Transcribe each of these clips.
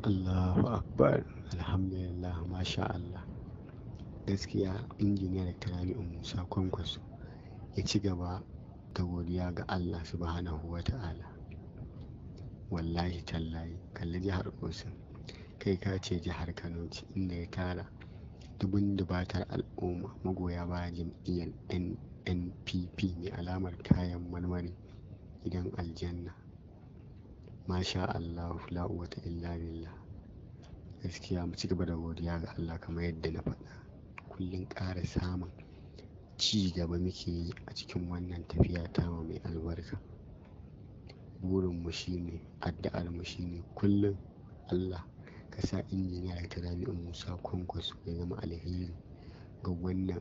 Allahu Akbar Alhamdulillah Masha Allah gaskiya injiniyar Rabi'u Musa Kwankwaso ya ci gaba da godiya ga Allah subhanahu wa ta'ala wallahi tallahi kalli jihar Osun kai ka ce jihar Kano ce inda ya tara dubun dubatar al'umma magoya bayan jam'iyyar NNPP mai alamar kayan marmari gidan aljanna masha Allah la quwwata illa billah gaskiya mu ci gaba da godiya ga Allah kamar yadda na faɗa kullum ƙara samun ci gaba muke yi a cikin wannan tafiya ta mai albarka burin mu shine addu'ar mu shine kullum Allah ka sa injiniyar ta jami'in Musa Kwankwaso ya zama alheri ga wannan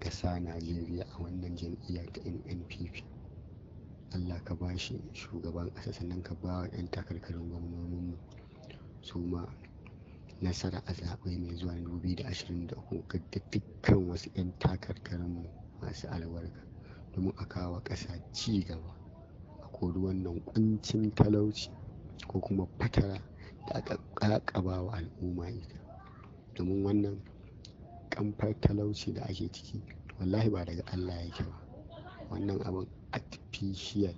ƙasa Najeriya a wannan jam'iyyar ta NNPP Allah ka ba shi shugaban ƙasa sannan ka ba wa 'yan takarkarin mu. su ma nasara a zaɓe mai zuwa na 2023 ga dukkan wasu 'yan mu masu alwarka, domin a kawo ƙasa ci a kori wannan kuncin talauci ko kuma fatara da aka ƙaƙaba wa al'umma ita domin wannan kamfar talauci da ake ciki wallahi ba daga Allah yake ba wannan abin artificial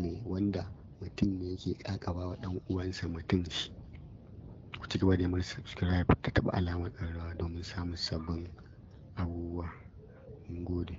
ne wanda mutum ne yake kakaba wa dan uwansa mutum shi ku ci gaba da yamar subscribe ta taba alamar ƙararrawa domin samun sabbin abubuwa mun gode